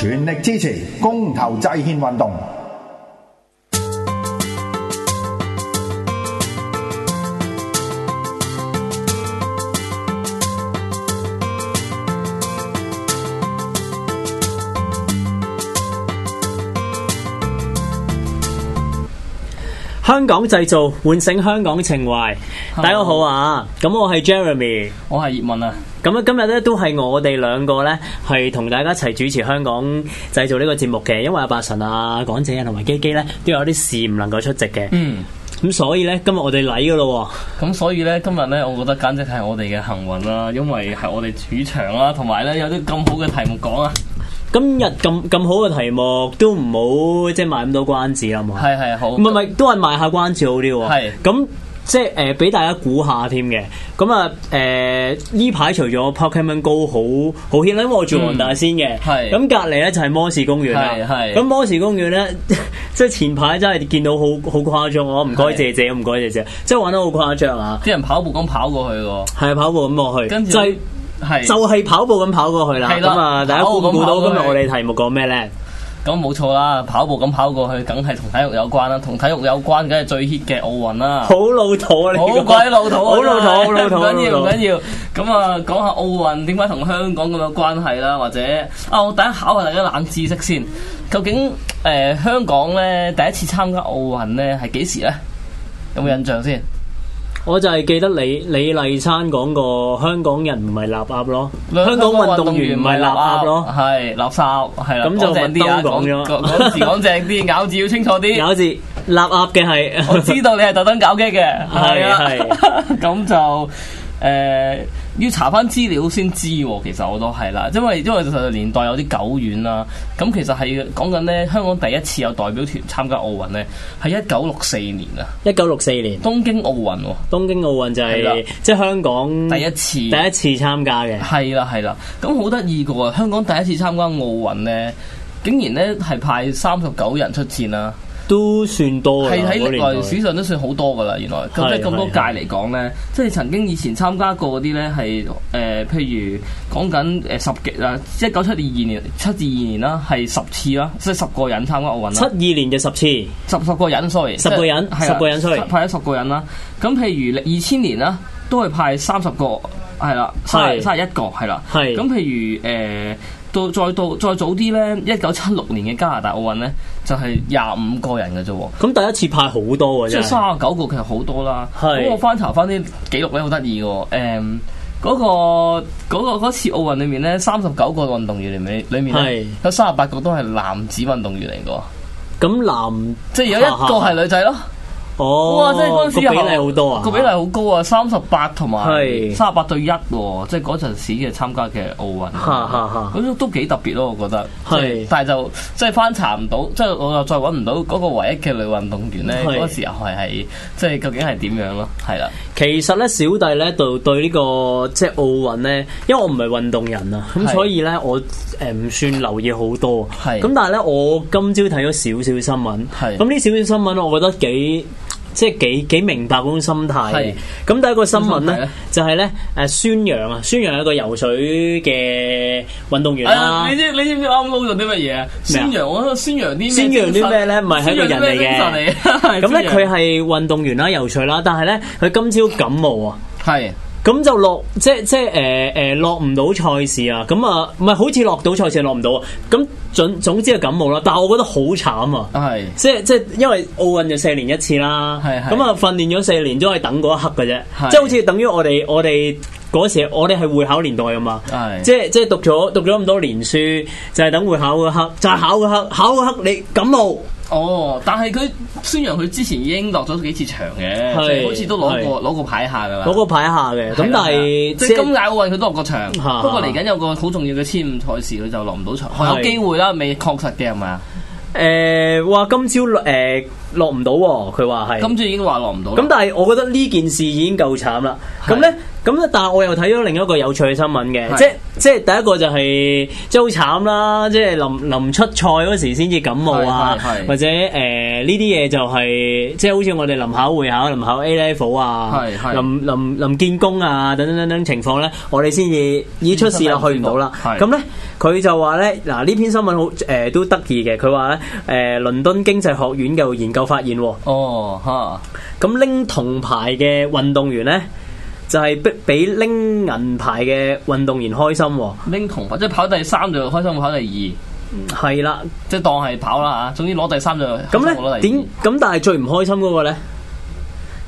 全力支持公投制憲運動，香港製造，喚醒香港情懷。大家好啊！咁我係 Jeremy，我係葉問啊！咁啊，今日咧，都係我哋兩個咧，係同大家一齊主持香港製造呢個節目嘅。因為阿八神啊、港姐啊同埋基基咧，都有啲事唔能夠出席嘅。嗯，咁所以咧，今日我哋嚟噶咯。咁所以咧，今日咧，我覺得簡直係我哋嘅幸運啦，因為係我哋主場啦啊，同埋咧有啲咁好嘅題目講啊！今日咁咁好嘅題目，都唔好即係賣咁多關子啦，係嘛？係係好，唔係係，那都係賣下關子好啲啊。係咁是。即係誒俾大家估下添嘅，咁啊誒呢排除咗 Pokemon Go，好好 hit，因為我住黃大仙嘅，咁隔離咧就係摩士公園啦。咁摩士公園咧 是，即係前排真係見到好好誇張，我唔該謝謝，唔該謝謝，即係玩得好誇張啊！啲人跑步咁跑過去喎，係跑步咁去，跟住就係是是跑步咁跑過去啦。咁啊的，的大家估唔估到今日我哋題目講咩咧？咁冇錯啦，跑步咁跑過去，梗係同體育有關啦，同體育有關，梗係最 hit 嘅奧運啦。好老土啊！你，好鬼老土啊！好 老土套，好老土。唔緊要，唔緊套要。咁啊，講下奧運點解同香港咁有關係啦？或者啊，我第一考下大家冷知識先。究竟，誒、呃，香港咧第一次參加奧運咧係幾時咧？有冇印象先？嗯我就係記得你，李麗珊講個香港人唔係臘鴨咯，香港運動員唔係臘鴨咯，係垃圾係。咁就問啲啊，講講時講正啲，正正 咬字要清楚啲，咬字臘鴨嘅係。我知道你係特登搞基嘅，係啊， 咁 就誒。呃要查翻資料先知喎，其實我都係啦，因為因為年代有啲久遠啦。咁其實係講緊呢，香港第一次有代表團參加奧運呢，係一九六四年啊。一九六四年，東京奧運喎。東京奧運就係即係香港第一次，第一次參加嘅。係啦係啦，咁好得意嘅喎，香港第一次參加奧運呢，竟然呢係派三十九人出戰啦。都算多嘅，係喺歷來史上都算好多噶啦。原來咁即係咁多屆嚟講呢，即係是是曾經以前參加過嗰啲呢，係、呃、誒譬如講緊誒十幾啊，一九七二年七二年啦，係十次啦，即係十個人參加奧運啦。七二年嘅十次，十十個人 s o r r y 十個人，Sorry，十個人出嚟，派咗是十個人啦。咁是譬如二千年啦，都係派三十個，係啦，三十一個，係啦。係咁的譬如誒，到、呃、再到再，再早啲呢，一九七六年嘅加拿大奧運呢。就係廿五個人嘅啫喎，咁、嗯、第一次派好多嘅、啊，即係三十九個其實好多啦。咁係我翻查翻啲記錄咧，好得意嘅，誒，嗰、嗰個嗰、嗰個、次奧運裏面咧，三十九個運動員裏面，裏面咧有三十八個都係男子運動員嚟嘅，咁、嗯、男即係有一個係女仔咯。哦，哇即係嗰陣時個比例好多啊，個比例好高啊，三十八同埋三十八對一喎、啊，即係嗰陣時嘅參加嘅奧運、啊，咁是都幾特別咯、啊，我覺得。係是是，但係就即係翻查唔到，即係我又再揾唔到嗰個唯一嘅女運動員咧，嗰是 時候係係即係究竟係點樣咯、啊？係啦，其實咧小弟咧對對呢、這個即係奧運咧，因為我唔係運動人啊，咁所以咧是 我誒唔、呃、算留意好多。係是，咁但係咧我今朝睇咗少少新聞。係，咁呢少少新聞我覺得幾。即係幾幾明白嗰種心態。咁第的一個新聞咧，呢就係咧，誒，孫楊啊，孫楊係一個游水嘅運動員啊、哎。你知你知唔知啱撈咗啲乜嘢？孫楊，麼我孫楊啲孫楊啲咩咧？唔係係一個人嚟嘅。咁咧佢係運動員啦，游水啦，但係咧佢今朝感冒啊。係。咁就落即係即係誒誒落唔到賽事啊！咁啊，唔係好似落到賽事落唔到啊！咁總總之就感冒啦。但係我覺得好慘啊！是即係即係因為奧運就四年一次啦。咁啊訓練咗四年都係等嗰一刻嘅啫。即係是好似等於我哋我哋嗰時我哋係會考年代啊嘛。是即係即係讀咗讀咗咁多年書就係、是、等會考嗰刻，就係、是、考嗰刻，考嗰刻你感冒。哦，但係佢孫楊佢之前已經落咗幾次場嘅，是好似都攞過攞是過牌下嘅，攞過牌下嘅。咁但係即係今屆奧運佢都落過場，不過嚟緊有個好重要嘅千五賽事佢就落唔到場，啊、有機會啦，啊、未確實嘅係咪啊？誒，話今朝誒。呃落唔到喎，佢話係，今次已經話落唔到。咁但係我覺得呢件事已經夠慘啦。咁是呢？咁咧，但係我又睇咗另一個有趣嘅新聞嘅是，即即係第一個就係即係好慘啦，即係臨臨出賽嗰時先至感冒啊，是是是或者誒呢啲嘢就係、是、即係好似我哋臨考會考、臨考 A Level 啊是，臨臨臨見工啊等等等等情況呢，我哋先至已經出事啦，去唔到啦。咁呢，佢就話呢：「嗱呢篇新聞好、呃、都得意嘅，佢話呢：倫「誒倫敦經濟學院嘅研究。有發現喎，哦，嚇，咁拎銅牌嘅運動員呢，就係、是、比比拎銀牌嘅運動員開心喎，拎銅牌即係跑第三就開心，跑第二，係啦的，即係當係跑啦嚇，總之攞第三就咁呢？點咁？但係最唔開心嗰個呢，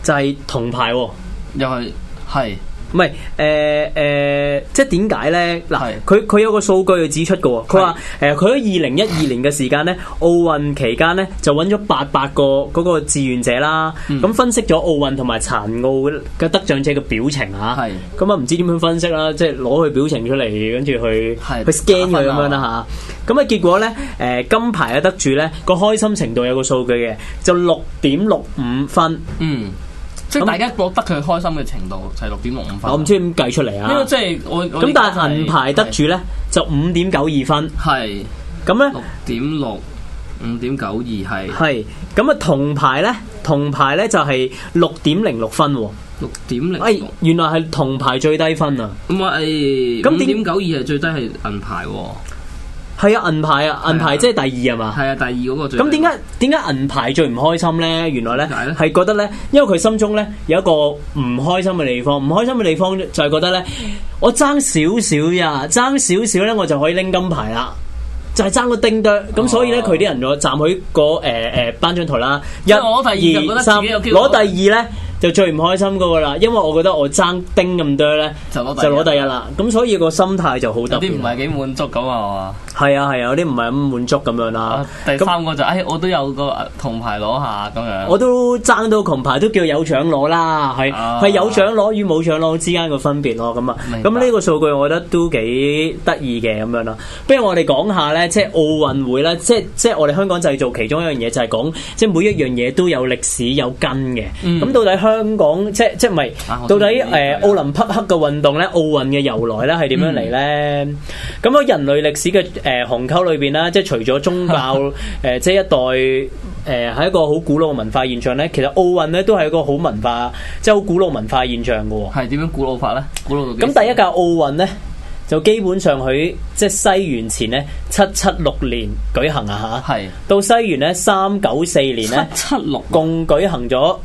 就係銅牌喎，又係係。唔係，誒誒、呃呃，即係點解咧？嗱是，佢佢有個數據指出嘅，佢話是，誒，佢喺二零一二年嘅時間咧，奧運是期間咧，就揾咗八百個嗰個志願者啦。咁、嗯、分析咗奧運同埋殘奧嘅得獎者嘅表情啊。咁啊是，唔、嗯、知點樣分析啦，即係攞佢表情出嚟，跟住去是去 scan 佢咁樣啦吓。咁啊的，結果咧，誒、呃，金牌嘅得主咧，個開心程度有個數據嘅，就六點六五分。嗯。即係大家覺得佢開心嘅程度就係六點六五分，嗯、我唔知點計出嚟啊！呢個即係我咁，但係銀牌得住咧，係就五點九二分。係咁咧，六點六五點九二係。係咁啊，銅牌咧，銅牌咧就係六點零六分喎。六點零。哎，原來係銅牌最低分啊！唔係、嗯，五點九二係最低係銀牌喎。係啊，銀牌啊，銀牌即係第二啊嘛。係啊的吧，第二嗰個最。咁點解點解銀牌最唔開心咧？原來咧係覺得咧，因為佢心中咧有一個唔開心嘅地方，唔開心嘅地方就係覺得咧，我爭少少呀，爭少少咧，我就可以拎金牌啦，就係、係、爭個丁丁。咁、哦、所以咧，佢啲人就站喺、嗰個誒誒頒獎台啦。一、呃、二、三，攞 2, 3, 第二咧。就最唔開心嗰個啦，因為我覺得我爭丁咁多咧，就攞就攞第一啦。咁、啊、所以個心態就好得啲唔係幾滿足咁啊嘛。係啊係、啊，有啲唔係咁滿足咁樣啦。第三個就誒、是啊哎，我都有個銅牌攞下咁樣。我都爭到銅牌都叫有獎攞啦，係係、啊、有獎攞與冇獎攞之間個分別咯。咁啊，咁呢白個數據我覺得都幾得意嘅咁樣咯。不如我哋講下咧，即、就、係、是、奧運會啦，即係即係我哋香港製造其中一樣嘢就係講，即、就、係、是、每一樣嘢都有歷史有根嘅。咁、嗯、到底香香港即係即係到底誒奧林匹克嘅運動咧，奧運嘅由來咧係點樣嚟呢？咁喺人類歷史嘅誒鴻溝裏邊啦，即係除咗宗教誒，即係一代誒係一個好古老嘅文化現象咧。其實奧運咧都係一個好文化，即係好古老文化現象嘅喎。係點樣古老法呢？古老咁第一屆奧運咧，就基本上佢，即係西元前呢，七七六年舉行啊嚇，到西元咧三九四年咧，七七六共舉行咗。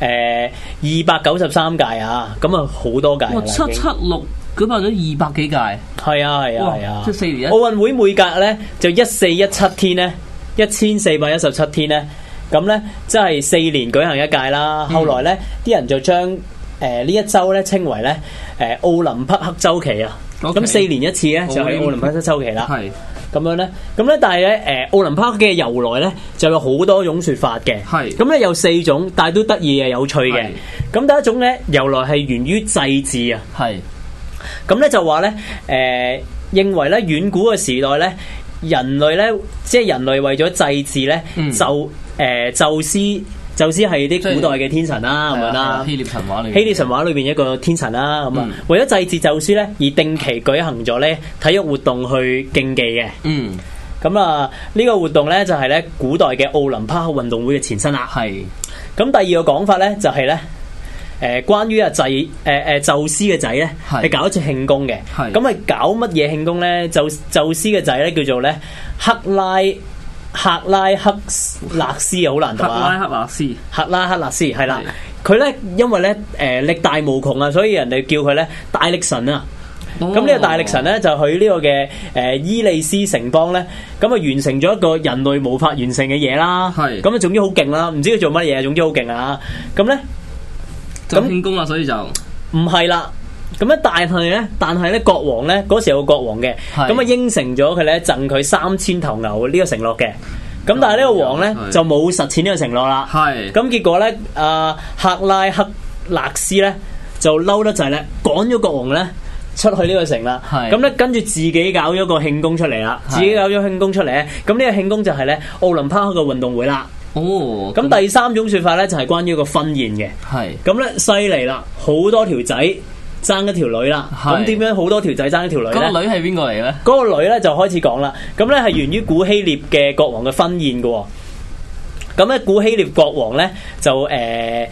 誒，二百九十三屆啊，咁啊好多屆。七七六舉辦咗二百幾屆。係啊係啊係啊，即、啊哇啊、四年奧運會每隔呢，就一四一七天呢，一千四百一十七天呢，咁呢，即、就、係、是、四年舉行一屆啦。嗯、後來呢，啲人就將誒、呃、呢一周呢稱為呢誒奧林匹克周期啊。咁、嗯、四年一次呢，就喺奧林匹克周期啦。咁樣咧，咁咧，但係咧，誒，奧林匹克嘅由來咧，就有好多種説法嘅。係，咁 咧樂有四種，但係都得意嘅，有趣嘅。咁 第一種咧，由來係源於祭祀啊。係。咁 咧樂就話咧，誒、呃，認為咧遠古嘅時代咧，人類咧，即係人類為咗祭祀咧，就誒宙斯。嗯呃就宙斯係啲古代嘅天神啦，咁樣啦。吧希臘神話裏面，希臘神話裏邊一個天神啦，咁啊，嗯、為咗祭祀宙斯咧，而定期舉行咗咧體育活動去競技嘅。嗯，咁啊，呢、這個活動咧就係、是、咧古代嘅奧林匹克運動會嘅前身啦。係是。咁第二個講法咧就係、是、咧，誒、呃，關於啊祭，誒、呃、誒，宙斯嘅仔咧，係搞一次慶功嘅。係。咁啊，搞乜嘢慶功咧？宙宙斯嘅仔咧叫做咧克拉。赫拉克勒斯啊，好難讀啊。赫拉克勒斯，赫拉克勒斯係啦，佢咧的因為咧誒、呃、力大無窮啊，所以人哋叫佢咧大力神啊。咁呢、哦、個大力神咧就去呢個嘅誒、呃、伊利斯城邦咧，咁啊完成咗一個人類無法完成嘅嘢啦。係。咁啊，總之好勁啦，唔知佢做乜嘢，總之好勁啊。咁咧咁天公啊，所以就唔係啦。咁咧，但係咧，但係咧，國王咧，嗰時有個國王嘅，咁啊是應承咗佢咧，贈佢三千頭牛呢個承諾嘅。咁但係呢個王咧是就冇實踐呢個承諾啦。係咁是結果咧，阿、呃、赫拉克勒斯咧就嬲得滯咧，趕咗國王咧出去呢個城啦。係咁咧，跟住自己搞咗個慶功出嚟啦。是自己搞咗慶功出嚟咧，咁呢個慶功就係咧奧林匹克嘅運動會啦。哦。咁那麼 第三種説法咧就係、是、關於個婚宴嘅。係是。咁咧犀利啦，好多條仔。爭一條女啦，咁點是的 樣好多條仔爭一條女咧？嗰個女係邊個嚟咧？嗰個女咧就開始講啦，咁咧係源於古希臘嘅國王嘅婚宴噶。哦，咁咧古希臘國王咧就誒、呃、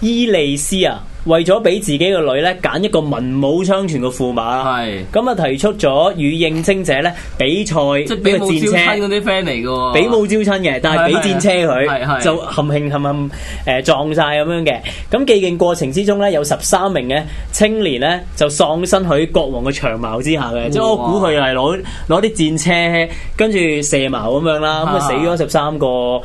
伊利斯啊。為咗俾自己個女咧揀一個文武雙全嘅駙馬，咁啊提出咗與應徵者咧比賽，即係比武招親嗰啲 friend 嚟嘅，比武招親嘅，但係比戰車，佢就含慶含慶誒撞晒咁樣嘅。咁競技過程之中咧，有十三名嘅青年咧就喪身喺國王嘅長矛之下嘅，即係我估佢係攞攞啲戰車跟住射矛咁樣啦，咁啊死咗十三個誒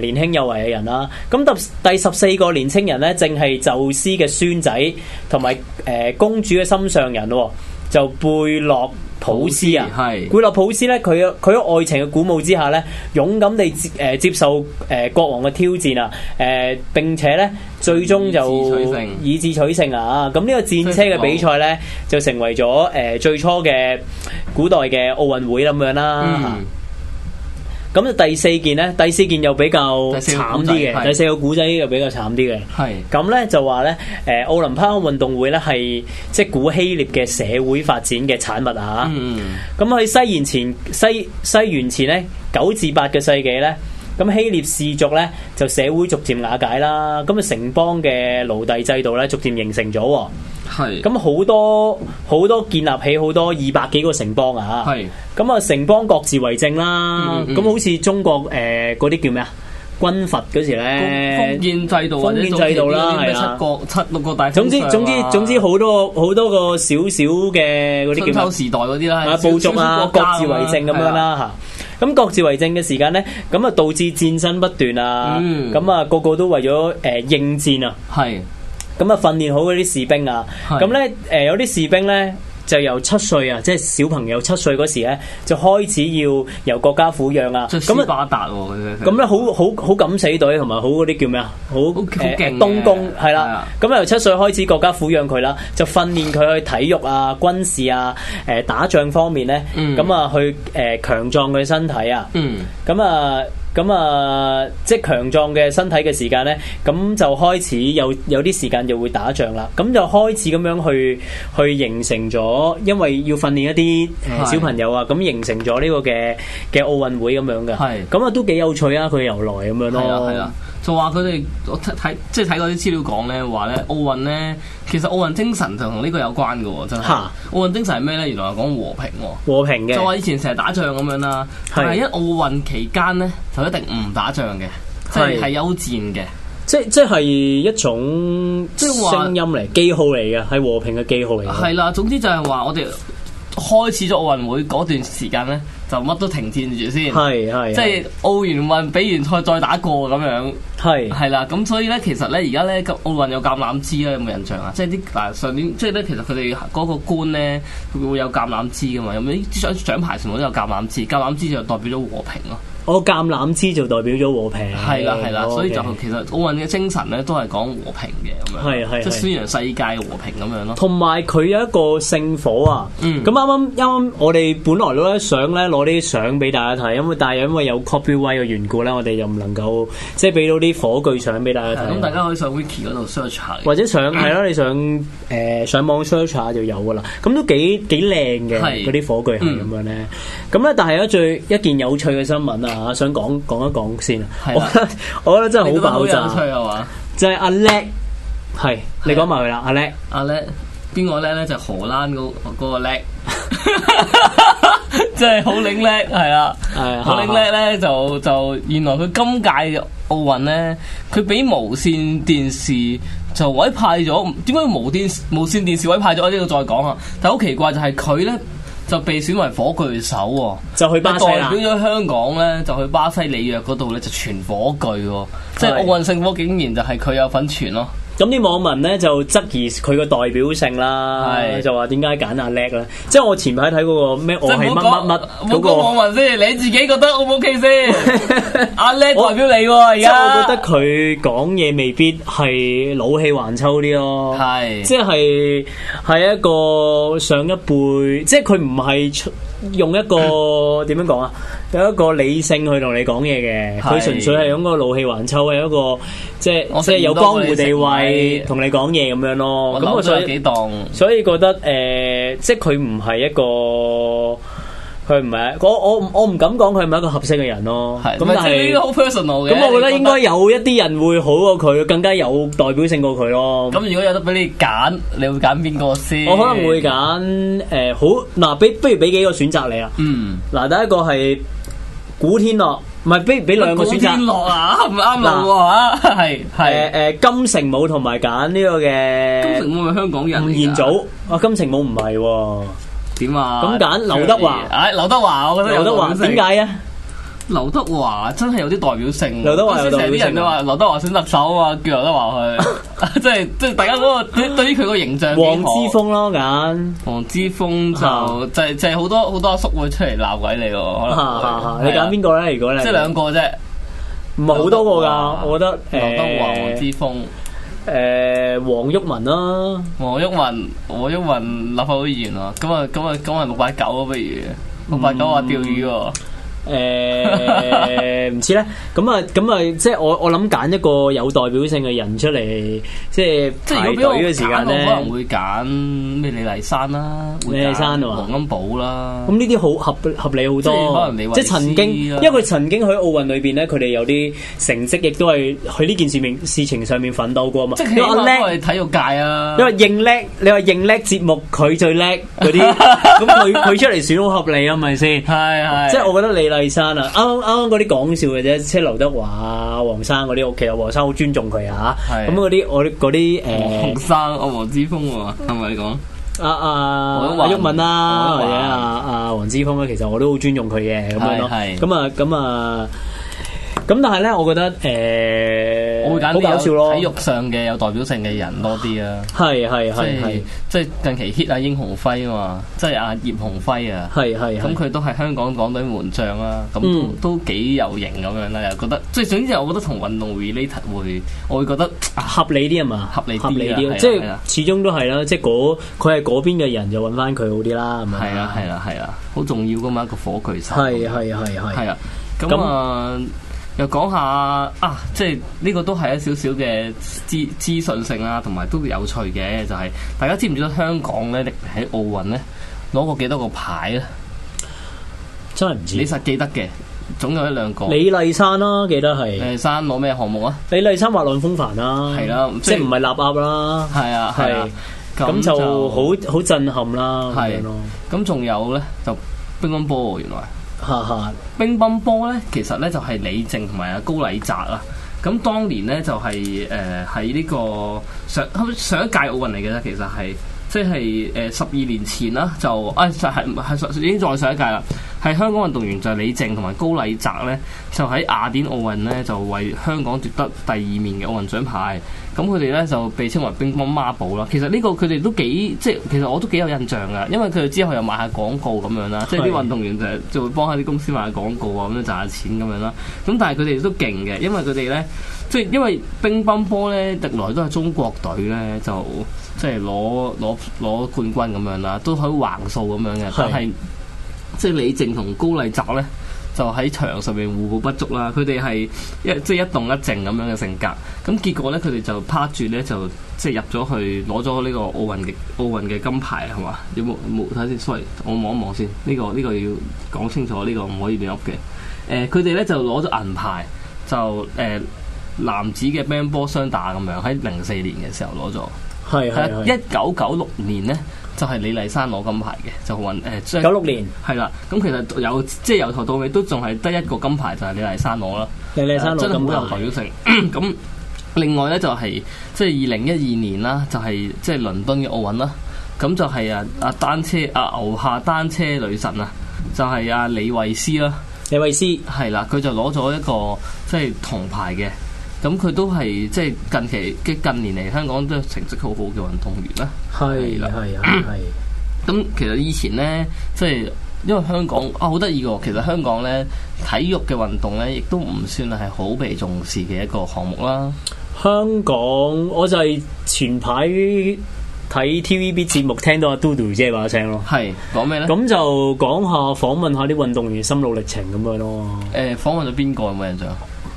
年輕有為嘅人啦。咁第第十四個年青人咧正係宙斯嘅。孫仔同埋誒公主嘅心上人喎、哦，就貝洛普斯啊，斯貝洛普斯咧佢佢喺愛情嘅鼓舞之下咧，勇敢地誒接、呃、接受誒國王嘅挑戰啊誒、呃、並且咧最終就以智取勝，取勝啊，咁呢個戰車嘅比賽咧就成為咗誒、呃、最初嘅古代嘅奧運會咁樣啦、啊。嗯咁就第四件咧，第四件又比較慘啲嘅，第四個古仔又比較慘啲嘅。咁咧係就話咧，誒奧林匹克運動會咧係即古希臘嘅社會發展嘅產物、嗯、啊！嚇，咁喺西元前西西元前咧九至八嘅世紀咧。咁希臘氏族咧就社會逐漸瓦解啦，咁啊城邦嘅奴隸制度咧逐漸形成咗、哦。係是，咁好多好多建立起好多二百幾個城邦啊！係是，咁啊城邦各自為政啦。咁、嗯嗯嗯、好似中國誒嗰啲叫咩啊？軍閥嗰時咧封建制度封建制度啦，係啦、啊，七國七六個大、啊總。總之總之總之好多好多個小小嘅嗰啲叫咩春秋時代嗰啲啦，麼小小小啊，部族國各自為政咁樣啦嚇。各自為政嘅時間呢，咁啊導致戰爭不斷啊，咁啊、嗯、個個都為咗誒應戰啊，咁啊係，訓練好嗰啲士兵啊，咁咧誒有啲士兵咧。就由七歲啊，即係小朋友七歲嗰時咧，就開始要由國家撫養啦。咁啊，發達，咁咧好好好敢死隊同埋好嗰啲叫咩啊？好東宮係啦。咁由七歲開始國家撫養佢啦，就訓練佢去體育啊、軍事啊、誒打仗方面咧。咁啊，去誒強壯佢身體啊。咁啊。咁啊，即係強壯嘅身體嘅時間呢，咁就開始有有啲時間就會打仗啦。咁就開始咁樣去去形成咗，因為要訓練一啲小朋友啊，咁是的 形成咗呢個嘅嘅奧運會咁樣嘅。咁是的 啊，都幾有趣啊，佢嘅由來咁樣咯。就話佢哋我睇即係睇過啲資料講呢話呢奧運呢。其實奧運精神就同呢個有關嘅、哦，真、就、係、是。奧運哈精神係咩呢？原來係講和平、哦，和平嘅。就話以前成日打仗咁樣啦，的但係一奧運期間呢，就一定唔打仗嘅，的即係休戰嘅。即即係一種聲音嚟，記號嚟嘅，係和平嘅記號嚟嘅。係啦，總之就係話我哋開始咗奧運會嗰段時間呢。就乜都停戰住先，即係奧運運比完賽再打過咁樣，係啦是。咁所以咧，其實咧而家咧，奧運有橄欖枝咧，有冇印象啊？即係啲嗱上年，即係咧，其實佢哋嗰個官咧，佢會有橄欖枝噶嘛，有冇啲獎獎牌全部都有橄欖枝，橄欖枝就代表咗和平囉。我個、哦、橄欖枝就代表咗和平，係啦係啦，Okay 所以就其實奧運嘅精神咧都係講和平嘅咁樣，即係宣揚世界和平咁樣咯。同埋佢有一個聖火啊，咁啱啱啱我哋本來都想咧攞啲相俾大家睇，因為但係因為有 copyright 嘅緣故咧，我哋又唔能夠即係俾到啲火炬相俾大家睇。咁的以大家可以上 Wiki 嗰度 search 下，或者上係咯，你上誒、呃、上網 search 下就有㗎啦。咁都幾幾靚嘅嗰啲火炬係咁樣咧。咁咧，但係咧，最一件有趣嘅新聞啊，想講講一講先。我覺得我覺得真係好爆炸，好有趣啊，就係阿叻，係、啊、你講埋佢啦，啊、阿叻，阿、啊、叻邊個叻咧？就係、荷蘭嗰嗰個叻， 真係好領叻，係啊，哎、好領叻咧！就就原來佢今屆奧運咧，佢俾無綫電視就委派咗，點解無綫無綫電視委派咗？我呢度再講啊！但係好奇怪就，就係佢咧。就被選為火炬手喎、哦，代表咗香港呢，就去巴西里約嗰度呢，就傳火炬喎、哦，的即係奧運聖火竟然就係佢有份傳咯。咁啲網民咧就質疑佢個代表性啦，是就話點解揀阿叻咧？即係我前排睇嗰個咩我係乜乜乜嗰個？那個網民先，你自己覺得 O 唔 OK 先， 阿叻代表你喎而家。我，我覺得佢講嘢未必係老氣橫秋啲咯、啊。係是，即係係一個上一輩，即係佢唔係出。用一個點樣講啊？有一個理性去同你講嘢嘅，佢是純粹係用個老氣橫秋嘅一個，即係即係有江湖地位同你講嘢咁樣咯。我就咗幾棟、嗯，所以覺得誒、呃，即佢唔係一個。佢唔係，我我唔敢講佢唔係一個合適嘅人咯。咁但係係，咁我覺得應該有一啲人會好過佢，更加有代表性過佢咯。咁如果有得俾你揀，你會揀邊個先？我可能會揀誒、呃、好嗱、啊，不不如俾幾個選擇你、嗯、啊？嗯，嗱第一個係古天樂，唔係不如俾兩個選擇。古天樂啊，唔啱路喎，係係金城武同埋揀呢個嘅金城武係香港人啊，吳彥祖啊，金城武唔係喎。點啊？咁揀劉德華？哎，劉德華，我覺得劉德華點解啊？劉德華真係有啲代表性，即係成啲人都話劉德華選特首啊嘛，叫劉德華去，即係即係大家嗰個對於佢個形象。黃之鋒咯，揀黃之鋒就就就係好多好多叔妹出嚟鬧鬼你咯，可能你揀邊個咧？如果你即係兩個啫，唔係好多個㗎，我覺得劉德華、黃之鋒。誒黃毓民啦，黃毓民，黃毓民立法會議員啊，咁啊，咁啊，咁啊六百九啊，不如六百九啊，釣魚、啊。嗯誒唔知咧，咁啊咁啊，即係我我諗揀一個有代表性嘅人出嚟，即係即係如果俾我時間咧，可能會揀咩李麗珊啦，李麗珊喎，黃金寶啦，咁呢啲好合合理好多，即係曾經，因為佢曾經喺奧運裏邊咧，佢哋有啲成績，亦都係喺呢件事事情上面奮鬥過嘛，即係因為叻係體育界啊，因為應叻，你話應叻節目佢最叻嗰啲，咁佢佢出嚟選好合理啊，咪先？係係，即係我覺得李麗。魏生啊，啱啱嗰啲講笑嘅啫，即係劉德華啊、黃生嗰啲，屋企，實黃生好尊重佢啊，咁嗰啲我啲嗰啲誒，黃生啊，黃、啊、之鋒喎，係咪你講？阿阿阿阿阿阿黃之鋒咧，其實我都好尊重佢嘅，咁是樣咯，咁啊，咁啊。咁但係咧，我覺得誒，我會揀啲體育上嘅有代表性嘅人多啲啊。係係係係，即係近期 hit 阿英雄輝啊嘛，即係啊葉鴻輝啊。係係，咁佢都係香港港隊門將啦，咁都幾有型咁樣啦。又覺得即係總之，我覺得同運動會呢啲會，我會覺得合理啲啊嘛，合理啲啊，即係始終都係啦，即係嗰佢係嗰邊嘅人就揾翻佢好啲啦，係啊係啊係啊，好重要噶嘛，一個火炬手。係啊係啊係啊，咁啊～又講下啊，即係呢個都係一少少嘅資資訊性啊，同埋都有趣嘅，就係、是、大家知唔知道香港咧喺奧運咧攞過幾多個牌咧？真係唔知。你實記得嘅，總有一兩個。李麗珊啦、啊，記得係。李麗珊攞咩項目啊？李麗珊滑浪風帆啦、啊。係啦、啊，即係唔係立鴨啦？係啊，係、啊。咁、啊、就好好震撼啦，係咯、啊。咁仲、啊、有咧，就乒乓波原來。哈哈， 乒乓波咧，其實咧就係李靜同埋阿高禮澤啊。咁當年咧就係誒喺呢個上上一屆奧運嚟嘅啦，其實係即係誒十二年前啦，就啊就係係已經再上一屆啦。係香港運動員就係李靜同埋高禮澤咧，就喺雅典奧運咧就為香港奪得第二面嘅奧運獎牌。咁佢哋咧就被稱為乒乓孖寶啦。其實呢個佢哋都幾即係，其實我都幾有印象嘅，因為佢哋之後又賣下廣告咁樣啦，是即係啲運動員就就會幫下啲公司賣下廣告啊，咁樣賺下錢咁樣啦。咁但係佢哋都勁嘅，因為佢哋咧即係因為乒乓波咧，歷來都係中國隊咧就即係攞攞攞冠軍咁樣啦，都喺橫掃咁樣嘅。是但係即係李靜同高麗澤咧。就喺場上面互補不足啦，佢哋係一即係、即係、一動一靜咁樣嘅性格，咁結果呢，佢哋就拍住呢，就即係入咗去攞咗呢個奧運嘅奧運嘅金牌係嘛？有冇冇睇先？sorry，我望一望先。呢、這個呢、這個要講清楚，呢、這個唔可以亂噏嘅。誒、呃，佢哋呢，就攞咗銀牌，就誒、呃、男子嘅乒乓波雙打咁樣喺零四年嘅時候攞咗。係係係，一九九六年呢。就係李麗珊攞金牌嘅，就運誒九六年係啦。咁其實有即係、就是、由頭到尾都仲係得一個金牌，就係、是、李麗珊攞啦。呃、李麗珊攞真係好有代表性。咁、嗯、另外咧就係即係二零一二年啦，就係即係倫敦嘅奧運啦。咁就係、是、啊啊單車啊，牛下單車女神、就是、啊，就係啊李慧詩啦。李慧詩係啦，佢就攞咗一個即係、就是、銅牌嘅。咁佢都係即係近期嘅近年嚟香港都係成績好好嘅運動員啦。係啦，係啊、嗯，係。咁其實以前呢，即係因為香港啊，好得意喎。其實香港呢，體育嘅運動呢，亦都唔算係好被重視嘅一個項目啦。香港我就係前排睇 TVB 節目，聽到阿 Dodo 姐把聲咯。係講咩呢？咁就講下訪問下啲運動員心路歷程咁樣咯。誒、呃，訪問咗邊個有冇印象？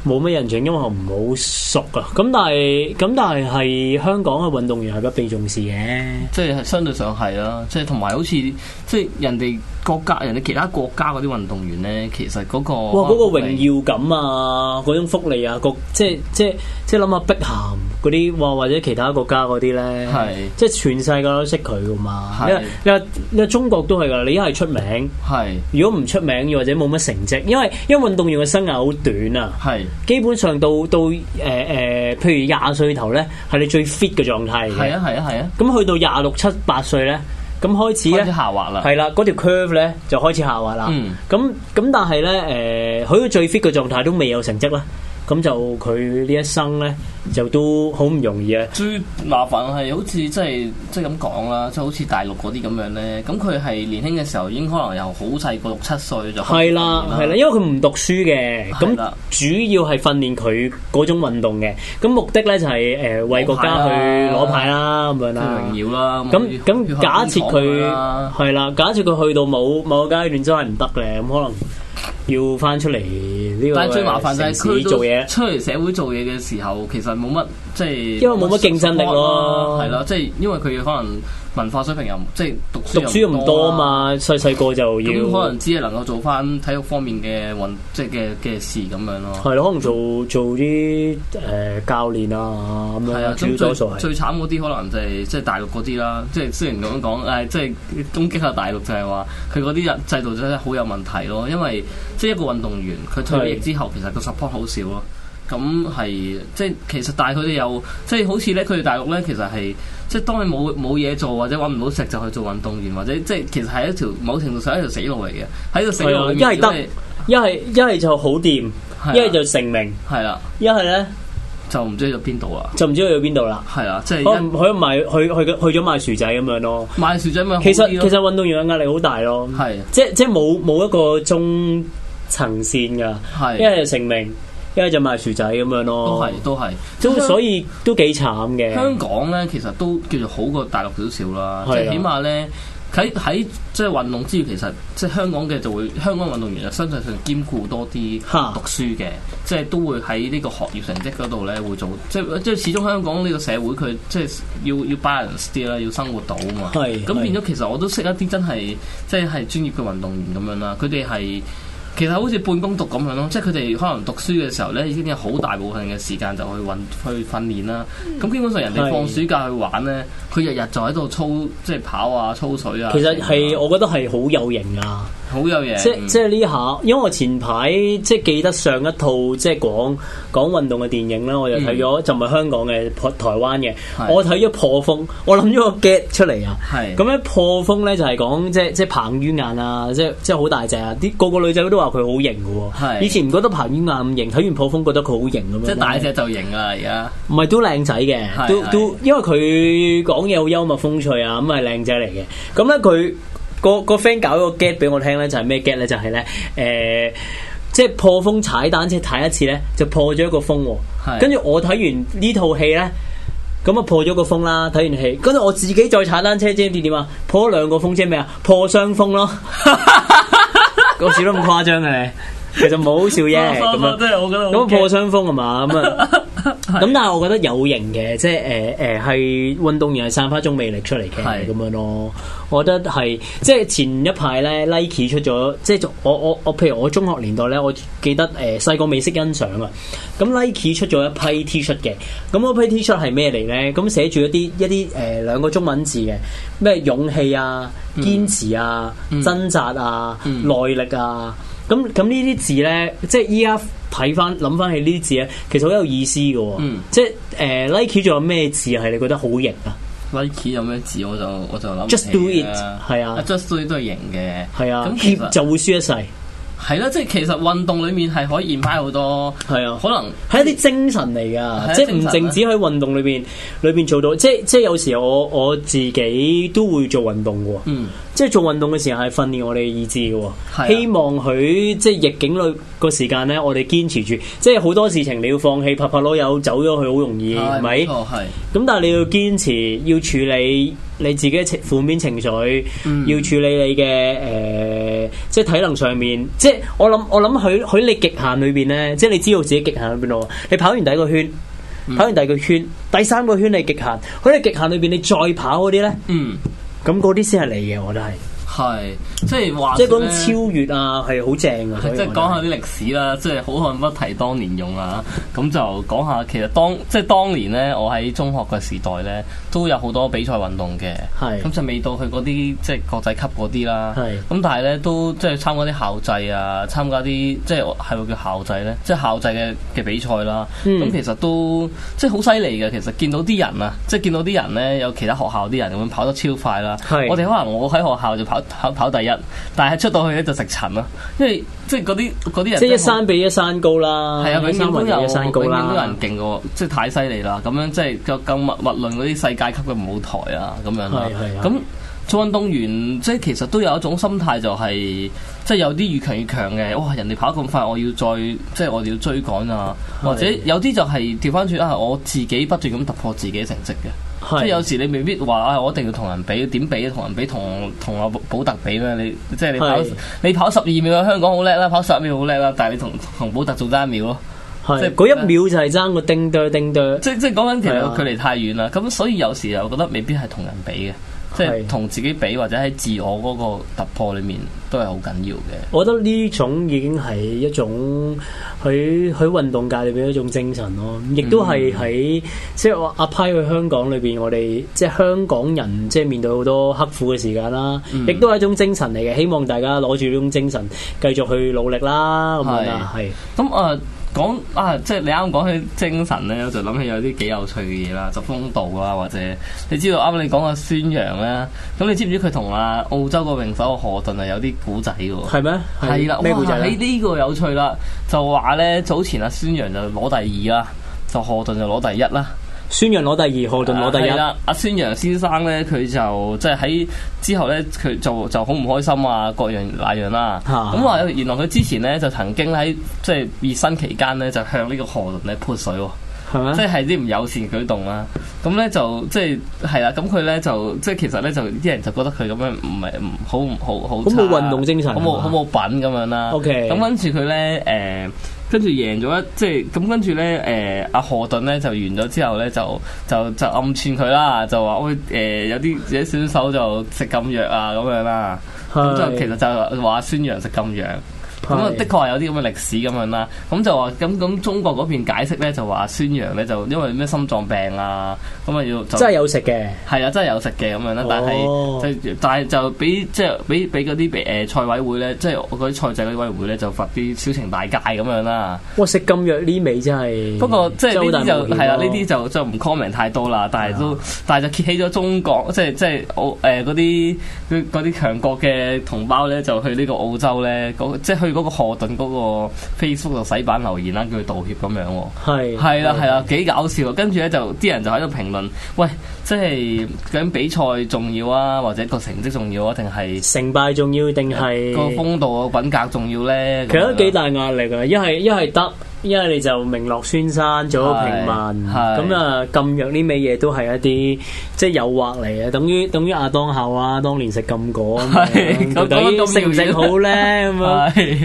冇咩印象，因為我唔好熟啊。咁但係，咁但係，係香港嘅運動員係不被重視嘅，即係相對上係啦。即係同埋，好似即係人哋。國家人哋其他國家嗰啲運動員咧，其實嗰個哇嗰、嗰個榮耀感啊，嗰種福利啊，個即係即係即係諗下碧咸嗰啲，哇或者其他國家嗰啲咧，係是 即全世界都識佢噶嘛。因為是 中國都係噶，你一係出名係，是 如果唔出名又或者冇乜成績，因為因為運動員嘅生涯好短啊，係是 基本上到到誒誒、呃呃，譬如廿歲頭咧係你最 fit 嘅狀態，係啊係啊係啊，咁去到廿六七八歲咧。3 <3 咁開始咧下滑啦，係啦，嗰條 curve 咧就開始下滑啦。咁咁、嗯、但係咧，誒、呃，佢個最 fit 嘅狀態都未有成績啦。咁就佢呢一生咧，就都好唔容易啊！最麻煩係好似即係即係咁講啦，即係好似大陸嗰啲咁樣咧。咁佢係年輕嘅時候，已經可能由好細個六七歲就開始啦。係啦，係啦，因為佢唔讀書嘅，咁的主要係訓練佢嗰種運動嘅。咁目的咧就係誒為國家去攞牌啦，咁樣啦。榮耀啦。咁咁假設佢係啦，假設佢去到某某個階段真係唔得嘅，咁可能。要翻出嚟呢個城市，但係最麻煩就係佢做嘢，出嚟社會做嘢嘅時候，其實冇乜即係因為冇乜競爭力咯，係咯，即係因為佢可能。文化水平又即係讀書又唔多啊嘛，細細個就已經可能只係能夠做返體育方面嘅運即係嘅嘅事咁樣咯。係咯，可能做、嗯、做啲誒、呃、教練啊咁樣的最啊，最係最慘嗰啲可能就係、是、即係大陸嗰啲啦。即係雖然咁講，誒、呃、即係攻擊下大陸就係話佢嗰啲制度真係好有問題咯。因為即係一個運動員佢退役之後，的其實個 support 好少咯。咁係即係其實大，大概都有即係好似咧，佢哋大陸咧，其實係即係當你冇冇嘢做或者揾唔到食，就去做運動員，或者即係其實係一條某程度上係一條死路嚟嘅。喺度死路，一係得，一係一係就好掂，一係就成名，係啦，一係咧就唔知，就唔知去邊度啊，就唔知去邊度啦，係啦，即係可可唔係去去去咗賣薯仔咁樣咯，賣薯仔咪其實其實運動員嘅壓力好大咯，係是的 即即係冇冇一個中層線㗎，係一係成名。一係就賣薯仔咁樣咯都，都係都係，都實所以都幾慘嘅。香港咧其實都叫做好過大陸少少啦是的，即係起碼咧喺喺即係運動之餘，其實即係香港嘅就會香港運動員啊，身上上兼顧多啲讀書嘅，哈即係都會喺呢個學業成績嗰度咧會做，即即係始終香港呢個社會佢即係要要 balance 啲啦，要生活到啊嘛。咁是的 變咗其實我都識一啲真係即係專業嘅運動員咁樣啦，佢哋係。其實好似半工讀咁樣咯，即係佢哋可能讀書嘅時候咧，已經有好大部分嘅時間就去運去訓練啦。咁基本上人哋放暑假去玩咧，佢日日就喺度操，即係跑啊、操水啊。其實係，我覺得係好有型啊！好有嘢！即係即係呢下，因為我前排即係記得上一套即係講講運動嘅電影啦，我就睇咗，就唔係香港嘅，台灣嘅。我睇咗破風，我諗咗個 get 出嚟啊！咁咧破風咧就係講即係即係彭于晏啊，即係即係好大隻啊！啲個個女仔都話佢好型㗎喎。以前唔覺得彭于晏咁型，睇完破風覺得佢好型咁樣。即係大隻就型啊！而家唔係都靚仔嘅，都都因為佢講嘢好幽默風趣啊，咁係靚仔嚟嘅。咁咧佢。個個 friend 搞一個 get 俾我聽咧，就係咩 get 咧？就係、是、咧，誒、呃，即係破風踩單車睇一次咧，就破咗一個風、喔。係是的。跟住我睇完呢套戲咧，咁啊破咗個風啦。睇完戲，跟住我自己再踩單車啫，點點啊，破兩個風啫咩啊，破雙風咯。咁笑都咁誇張嘅，其實冇好笑嘅。咁啊， 咁 破雙風係嘛，咁啊。咁但係我覺得有型嘅，即係誒誒係運動員係散發一種魅力出嚟嘅，是咁樣咯。我覺得係即係前一排咧 Nike 出咗，即係我我我譬如我中學年代咧，我記得誒細個未識欣賞啊。咁 Nike 出咗一批 T 恤嘅，咁嗰批 T 恤係咩嚟咧？咁寫住一啲一啲誒兩個中文字嘅，咩勇氣啊、堅持啊、掙扎啊、嗯啊、嗯、耐力啊。咁咁呢啲字咧，即係依家睇翻諗翻起呢啲字咧，其實好有意思嘅。嗯、即係誒 Nike 仲有咩字係你覺得好型啊？Nike 有咩字我就我就諗唔起啦，Just Do It，係啊，Just Do It 都係型嘅。係啊，咁、啊、其實就會輸一世。係啦、啊，即係其實運動裏面係可以買好多。係啊，可能係一啲精神嚟噶，啊、即係唔淨止喺運動裏邊裏邊做到。即係即係有時我我自己都會做運動嘅。嗯。即係做運動嘅時候係訓練我哋嘅意志嘅，哦，是啊，希望佢即係逆境裏個時間呢，我哋堅持住。即係好多事情你要放棄，拍拍籮柚走咗去好容易，係咪？哎。哦，係。咁但係你要堅持，要處理你自己嘅負面情緒，嗯，要處理你嘅、誒、呃，即係體能上面。即係我諗，我諗喺喺你極限裏邊呢，即係你知道自己極限裏邊。你跑完第一個圈，嗯，跑完第二個圈，第三個圈你極限。喺你極限裏邊，你再跑嗰啲呢。嗯。咁嗰啲先係你嘅，我都係。係，即係話，即係嗰種超越啊，係好正啊！即係講下啲歷史啦，即係好漢不提當年勇啊！咁就講下其實當即係當年咧，我喺中學嘅時代咧，都有好多比賽運動嘅。係，咁就未到佢嗰啲即係國際級嗰啲啦。係，咁但係咧都即係參加啲校際啊，參加啲即係係會叫校際咧？即係校際嘅嘅比賽啦。嗯，咁其實都即係好犀利嘅。其實見到啲人啊，即係見到啲人咧，有其他學校啲人會跑得超快啦。係，我哋可能我喺學校就跑。跑跑第一，但係出到去咧就食塵咯，因為即係嗰啲啲人，即係一山比一山高啦。係啊，永遠都有，永遠都有人勁嘅了，即係太犀利啦。咁樣即係就更勿勿論嗰啲世界級嘅舞台啊，咁樣啦。咁做運動員，即係其實都有一種心態，就是，就係即係有啲越強越強嘅。哇，人哋跑咁快，我要再即係我哋要追趕啊。或者有啲就係調返轉啊，我自己不斷咁突破自己嘅成績嘅。即係有時你未必話、哎，我一定要同人比，點比啊？同人比同同阿保特比咩？你即係你跑是你跑十二秒喺香港好叻啦，跑十秒好叻啦，但係你同同保特仲爭一秒咯，是即係嗰一秒就係爭個叮噠叮噠。即係即係講緊其實距離太遠啦，咁是的 所以有時又覺得未必係同人比嘅。即係同自己比，或者喺自我嗰個突破裏面都係好緊要嘅。我覺得呢種已經係一種喺喺運動界裏邊一種精神咯，亦都係喺即係我阿派去香港裏邊，我哋即係香港人即係、嗯、面對好多刻苦嘅時間啦，亦都係一種精神嚟嘅。希望大家攞住呢種精神繼續去努力啦。咁樣係。咁啊那。是講啊，即係你啱啱講起精神咧，我就諗起有啲幾有趣嘅嘢啦，就風度啦，或者你知道啱啱你講阿孫楊咧，咁你知唔知佢同阿澳洲個泳手何頓係有啲古仔嘅？係咩嗎？係啦的，咩古仔咧？呢哇、啊、個有趣啦，就話咧早前阿孫楊就攞第二啦，何頓就何頓就攞第一啦。孫楊攞第二，霍頓攞第一，啦、啊！阿孫楊先生咧，佢就即係喺之後咧，佢就就好唔開心啊，各樣那樣啦、啊。咁話原來佢之前咧就曾經喺即係熱身期間咧就向呢個霍頓咧潑水喎、啊，即係啲唔友善舉動啦、啊。咁咧就即係係啦，咁佢咧就即、是、係、啊、其實咧就啲人就覺得佢咁樣唔係唔好唔好好差，好冇運、啊、動精神、啊，好冇好冇品咁樣啦。OK，咁跟住佢咧誒。呃跟住贏咗一即係咁，跟住咧誒阿何鈺呢就完咗之後咧，就就就暗串佢啦，就話喂，誒、呃、有啲自己選手就食禁藥啊咁樣啦，咁就是 其實就話孫楊食禁藥。咁啊，的確係有啲咁嘅歷史咁樣啦。咁就話咁咁中國嗰邊解釋咧，就話孫楊咧就因為咩心臟病啊，咁啊要就真係有食嘅，係啊，真係有食嘅咁樣啦。但係、哦、就但係就俾即係俾俾嗰啲誒賽委會咧，即係嗰啲賽制委會咧，就罰啲小懲大戒咁樣啦。哇！食禁藥呢味真係不過即係呢啲就係啦，呢啲、啊、就就唔 comment 太多啦。但係都是、啊、但係就揭起咗中國即係即係澳嗰啲啲強國嘅同胞咧，就去呢個澳洲咧，即係去。去嗰個何頓嗰個 Facebook 度洗版留言啦、啊，叫佢道歉咁樣喎、啊。係係啦，係啦、啊啊，幾搞笑。啊。跟住咧就啲人就喺度評論，喂，即係究竟比賽重要啊，或者個成績重要啊，定係成敗重要定係個風度個品格重要咧？其實都幾大壓力啊！一係一係得。因為你就名落孫山，做一個平民，咁啊禁藥呢啲嘢都係一啲即係誘惑嚟啊，等於等於亞當後啊，當年食禁果，嗯、到底，嗯、食唔食好咧？咁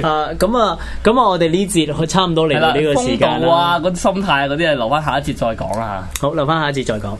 是啊咁啊咁啊，我哋呢節佢差唔多嚟到呢個時間啦。嗰啲心態嗰啲啊，啊留翻下一節再講啦。好，留翻下一節再講。